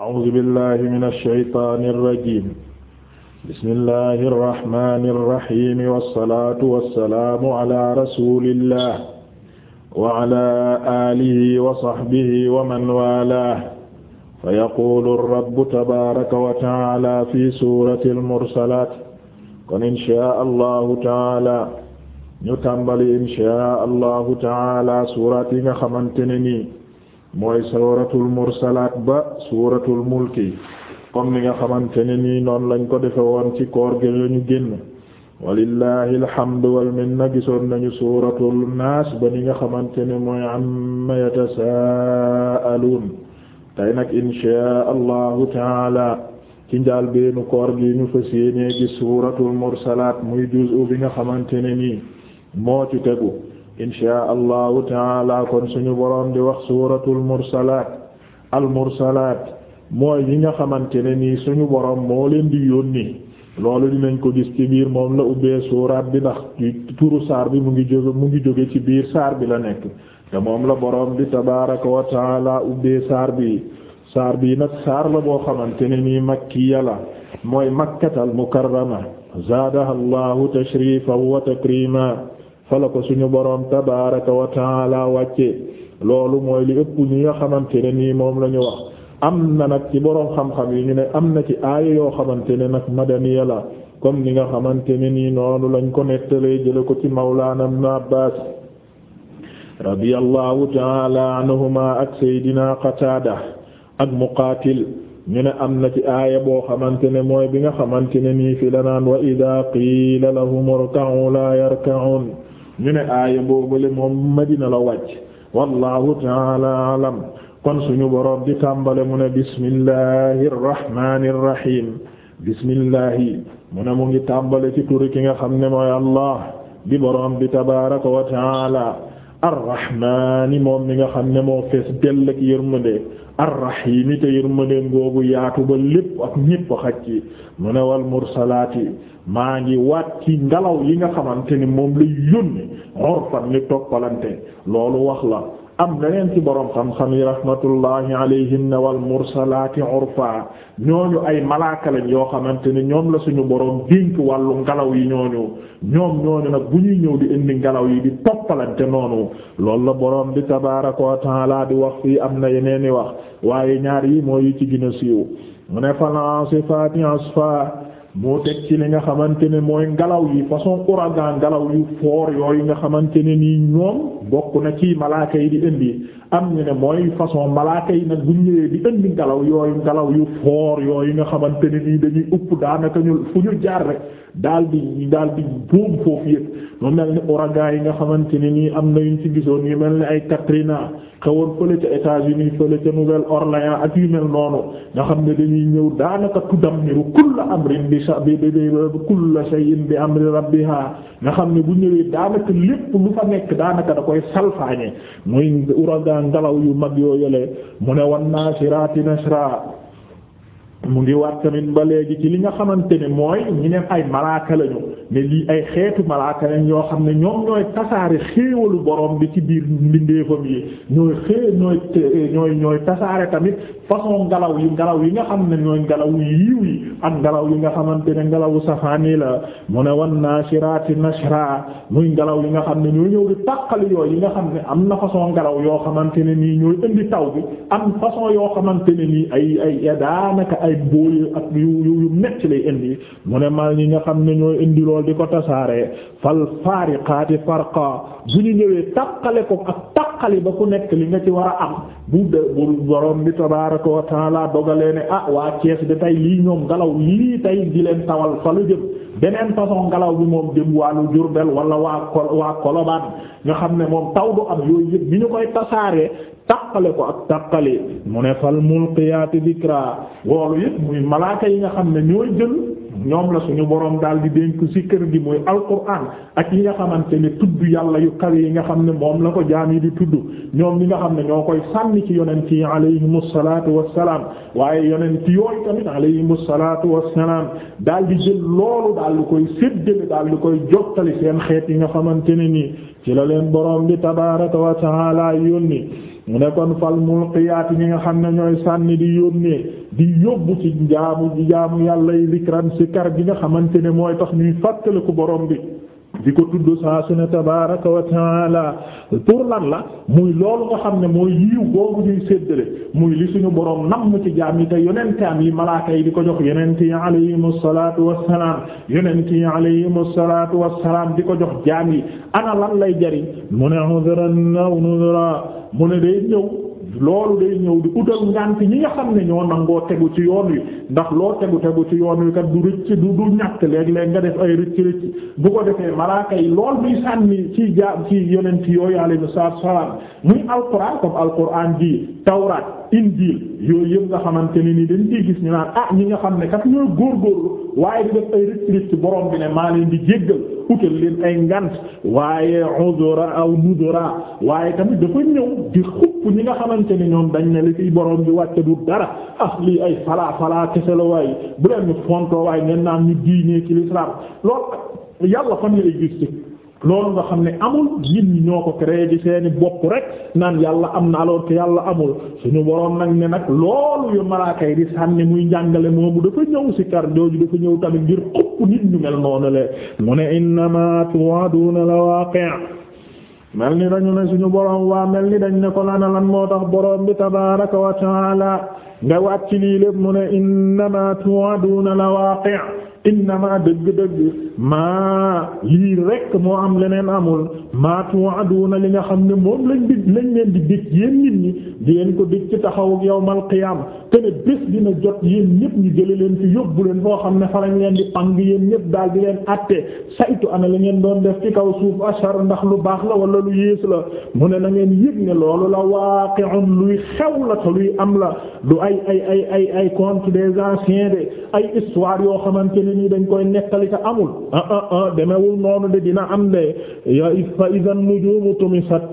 أعوذ بالله من الشيطان الرجيم بسم الله الرحمن الرحيم والصلاة والسلام على رسول الله وعلى آله وصحبه ومن والاه فيقول الرب تبارك وتعالى في سورة المرسلات kon inshaa allahu taala ñu tàmbali inshaa allahu taala suuraat yi nga xamante ne nii mooy suuratul mursalaat ba suuratul mulki comme ni nga xamante ne nii noonu lañ ko defe woon ci koor gi lañu génn walillahi alhamdu wal na gisoon nañu suuratul naas ba ni nga xamante ne mooy amma yatasaaluun tey nag inchaa allahu taala ci njaal beenu koor gi ñu fas yéenee gis suuratul mursalaat muy juz'u bi nga xamante ne nii moo ci tegu insha allahu taala kon suñu boroom di wax suuratul mursalaat al mursalaat mooy yi nga xamante ne nii suñu boroom moo leen di yónni loolu dinañ ko gis ci biir moom la ubbee suuraat bi ndax turu saar bi mu ngi jóge mu ngi jóge ci biir saar bi la nekk te moom la boroom bi tabaaraka wa taala ubbee saar bi saar bi nag saar la boo xamante ne nii makkiya yala mooy makkatal mukarrama zaadaha allahu tashrifan wa takrima fala ko suñu boroom tabaraka wa taala wàcce loolu mooy li ëpp ñi nga xamante ne nii moom la ñu wax am na nag ci boroom xam-xam yi ñu ne am na ci aaya yoo xamante ne nag madaniya la comme ni nga xamante ne nii noonu lañ ko nettalee jële ko ci mawlaana ibn Abbaas radiyallahu taala anhuma ak seydina Qataada ak Muqaatil ñu ne am na ci aaya boo xamante ne mooy bi nga xamante ne nii fi la naan wa idaa qiila lahum irka'u laa yarka'uun ñu ne aaya boobale moom Madina la wàcc wallahu taala alam kon suñu boroom di tàmbale mu ne bismillahi irrahmani irrahim bismillahi mu ne mu ngi tàmbale ci turi ki nga xam ne mooy allah di boroom bi wa taala arrahmaani moom mi nga xam ne moo fees dell ak yërmande arrahiimi te yërmande googu yaatu ba lépp ak ñépp a xaj ci mu ne wal mursalaati maa ngi waat ci ngelaw yi nga xamante ni moom lay yónni urfan ni toppalante loolu wax la am leneen ci borom xam-xam yi rahmatullahi alayhim na wal mursalaati urfa ñooñu ay malaaka lañ yoo xamante ne ñoom la suñu borom dénk wàllu ngelaw yi ñooñu ñoom ñooñu nag bu ñuy ñëw di indi ngelaw yi di toppalante noonu loolu la borom bi tabaaraka wa taala di wax fii am na yeneen i wax waaye ñaar yi mooy yi ci gën a siiw mu ne falaasifaati asfa moo teg ci li nga xamante ne mooy ngelaw yi façon ouragan ngelaw yu foor yooyu nga xamante ne nii ñoom bokk na ci malaaka yi di indi am ñu ne mooy façon malaaka yi nag bu ñëwee di indi ngelaw yooyu ngelaw yu foor yooyu nga xamante ni nii dañuy upp daanaka ñu fu ñu jaar rek daal di daal di buum foofu yëpp mu mel ni ouragan yi nga xamante ni nii am na yuñ ci gisoon yu mel ni ay Katrina xewoon fële ca États-Unis fële ca Nouvelle-Orléans ak yu mel noonu nga xam ne dañuy ñëw daanaka tudammiru kulla amrin bi sa bi bi bi kulla shay'in bi amri rabbiha nga xam ne bu ñëwee salfaañe muy ouragan ngelaw yu mag yoo yële mu ne wan naasiraati nasra mu ngi waat tamit ba léegi ci li nga xamante ne mooy ñu ne ay malaaka lañu ne lii ay xeetu malaaka lañ yoo xam ne ñoom ñooy tasaare xéewalu borom bi ci biir mbindeefam yi ñooy xée ñooy ñooy ñooy tasaare tamit façon ngelaw yi ngelaw yi nga xam ne ñooy yi ak ngelaw yi nga xamante ne ngelawu safaani la mu ne wan nashiraati nashra muy ngelaw yi nga xam ne ñooy ñëw di tàqali yooyu yi nga xam ne am na façon ngelaw yoo xamante ne nii ñooy indi taw bi am façon yoo xamante ne nii ay ay daanaka ay bóoy ak yu yu metti lay indi mu ne mal ñi nga xam ne ñooy indi di ko tasaaree fal faariqaati farqa bu ñu ñëwee takkale ko ak takkali ba ku nekk li nga ci war a am bu de bu borom bi tabaaraka wa taala dogalee ne ah waa Cees bi tey lii ñoom ngelaw lii tey ji leen tawal fa lu beneen façon ngelaw bi moom jëm wàllu Jurbel wala waa Kol waa Kolobaan nga xam ne moom taw du am yooyu yëpp bi ñu koy tasaaree takkale ko ak takkali mu ne fal mulqiyaati dikra loolu yëpp muy malaaka yi nga xam ne ñooy jël. ñoom la suñu boroom daal di dénk ci kër gi mooy alquran ak yi nga xamante ne tudd yàlla yu kaw yi nga xam ne moom la ko jaam yi di tudd ñoom ñi nga xam ne ñoo koy sànni ci yonent yi alayhimu wa wassalaam waaye yonent yooyu tamit alayhimu wa wassalaam daal di jël loolu daal di koy séddale daal di koy jottali seen xeet yi nga xamante ne nii ci la leen boroom bi tabaaraka wa yoon yónni mu ne kon fal mulqiyaati ñi nga xam ne ñooy sànni di yónnee di yóbbu ci jaamu jaamu yàlla yi zikran si kar gi nga xamante ne mooy tax ñuy fàttaliku borom bi di ko tudd saa su ne tabaaraka wa taala pour lan la muy loolu nga xam ne mooy yiw boobu ñuy séddale muy li suñu boroom nam ci jaam yi te yonentam yi malaaka yi di ko jox yonent yi yi alayhimu salaatu wassalaam di ko jox yi ana lan lay jariñ mu ne udran aw nudra mu ne day ñëw loolu day ñëw di utal ngànt ñi nga xam ne ñoo nangoo tegu ci yoon wi ndax loo tegu tegu ci yoon wi kat du rëcc du ñàkk léeg-léeg nga def ay rëcc rëcc bu ko defee malaaka yi lool muy sànni ci jaam ci yonent yooyu alayhi salaam muy alquran comme alquran ji tawraat injil yooyu yëpp nga xamante ne ni dañ ciy gis ñu naan ah ñi nga xam ne kat ñooy góorgóorlu waaye di def ay rëcc rëcc borom bi ne maa leen di jéggal utal leen ay ngant waaye uzra aw nudra waaye tamit dafa ñëw di ëpp ñi nga xamante ni ñoom dañ ne li fiy borom bi wàcce du dara ah lii ay falaa falaa kese la waaye bu leen ñu fontoo waaye ngeen ci l'islam loolu yàlla fan la existé nga xam ne amul nit ñi ñoo ko créé ci seeni bopp rek naan yàlla am na alors que yàlla amul suñu boroom nag ne nag loolu yu malaaka yi di sànni muy njàngale moomu dafa ñëw ci kar jooju dafa ñëw tamit ngir ëpp nit ñu mel noonu le mu ne innamaa tu'aduuna la waaqi' mel ni dañu ne suñu borom waa mel ni dañu ne ko lana lan moo tax boroom bi tabaaraka wa taala nga wàcc lii lépp mu ne innama tu'aduna la waaqi' innama dëgg-dëgg maa lii rekk moo am leneen amul ma maa tu'aduna li nga xam ne moom lañ di lañ leen di dig yéen nit ñi di leen ko dig ci taxaw qiyaam te ne bés dina jot yéen ñëpp ñu jële leen fi yóbbu leen foo xam ne fa lañ leen di pang yéen ñëpp daal di leen atte saytu ana la ngeen doon def ci kaw suuf ashar ndax lu baax la wala lu yées la mu ne na ngeen yëg ne loolu la waaqi'un luy xew la te luy am la du ay ay ay ay ay contes des anciens de ay histoire yoo xamante ne nii dañ koy nettali te amul ah ah ah demewul noonu de dina am de ya fa idan nujumu tumisat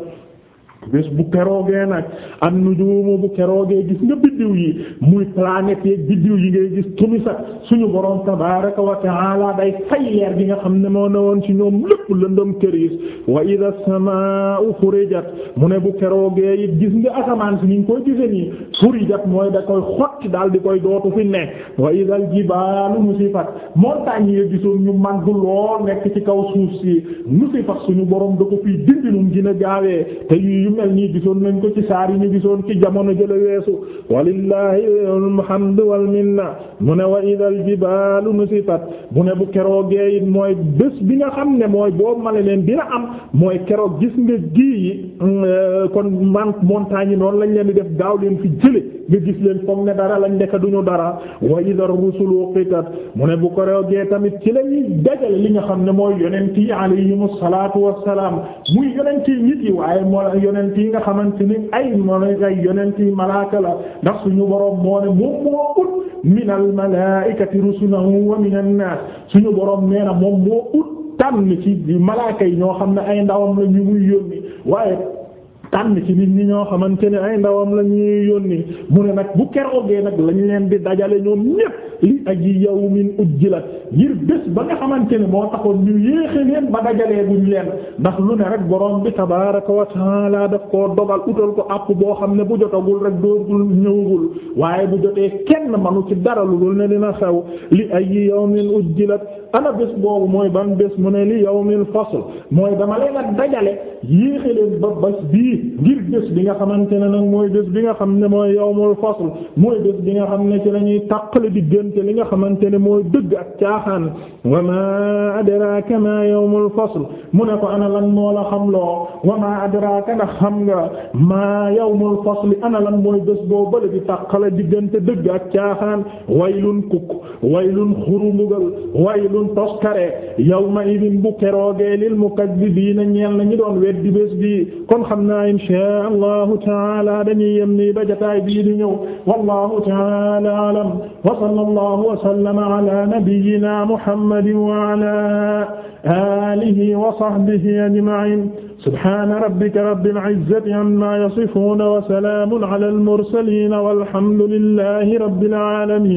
bés bu keroogee nag an nujuumu bu keroogee gis nga biddiw yi muy planètes yeeg biddiw yi ngay gis tumis ak suñu borom tabaaraka wa ta'aala day fay leer gi nga xam ne moo woon ci ñoom lépp lëndëm këriis wa idha samaa'u furijat mu ne bu keroogee it gis nga asamaan si ni ñu koy gise nii furijat mooy da koy xotti daal di koy dootu fi ne wa idha al-jibaalu nusifat montagnes yi gisoon ñu màgg lool nekk ci kaw suuf si nusifat suñu borom da ko fiy dindi yu mel nii gisoon nañ ko ci saar yi ñu gisoon ci jamono jële weesu walillahi alhamdu wal minna mu ne wa idal jibaalu nusifat mu ne bu keroogee it mooy bés bi nga xam ne mooy boo ma leen dina am mooy keroog gis nga gii yi euh, kon man montagne yi noonu lañ leen di def gaaw leen fi jële nga gis leen foog ne dara lañ nekk duñu dara wa idal rusul uqitat mu ne bu keroogee tamit ci lañuy dajale li nga xam ne mooy yonent yi alayhimu salaatu wassalaam muy yonent yonent yi nga xamante ni ay moom ay yonent yi malaaka la ndax suñu boroom moo ne moom moo ut minal malaa'ikati rusulan si minan naas suñu boroom nee na moom moo ut tànn ci malaaka yi ñoo xam ne ay ndawam la ñu muy yónni tànn ci nit ñi ñoo xamante ne ay ndawam la ñuy yónni mu ne nag bu keroogee nag lañ leen di dajale ñoom ñépp li aji yawmin ujjilat ngir bés ba nga xamante ne moo taxoon ñu yéexe leen ba dajalee buñ ndax lu ne borom bi tabaaraka wa taala daf koo dogal utal ko àpp boo xam ne bu jotagul rek doogul ñëwagul waaye bu jotee kenn manu ci dara lu dul ne dina xew li aji yawmin ujjilat ana bés boobu mooy ban bés mu ne li yawmil fasl mooy dajale yéexe leen ba bés bii ngir bés bi nga xamante ne nag mooy bés bi nga xam ne mooy yawmul fasl mooy bés bi nga xam ne ci la ñuy tàqale diggante li nga xamante ne mooy dëgg ak caaxaan wa ma adraka ma yawmul fasl mu ne ko ana lan moo la xam loo wa ma xam nga ma yawmul fasl ana lan mooy bés boo bële di tàqale diggante dëgg ak caaxaan waylun kukk waylun xurumbugal waylun toskare yawma idin bu keroogee lil mukazzibiina ñeel na ñi doon weddi bés bi kon xam naa insha allahu taala dañuy yem nii ba jotaay bii di ñëw wallahu taala alam wa sallallahu wa sallama ala nabiyyina muhammadin wa ala alihi wa sahbihi ajma'in subhana rabbika rabbil izzati amma yasifun wa salamun ala al mursalin walhamdulillahi rabbil alamin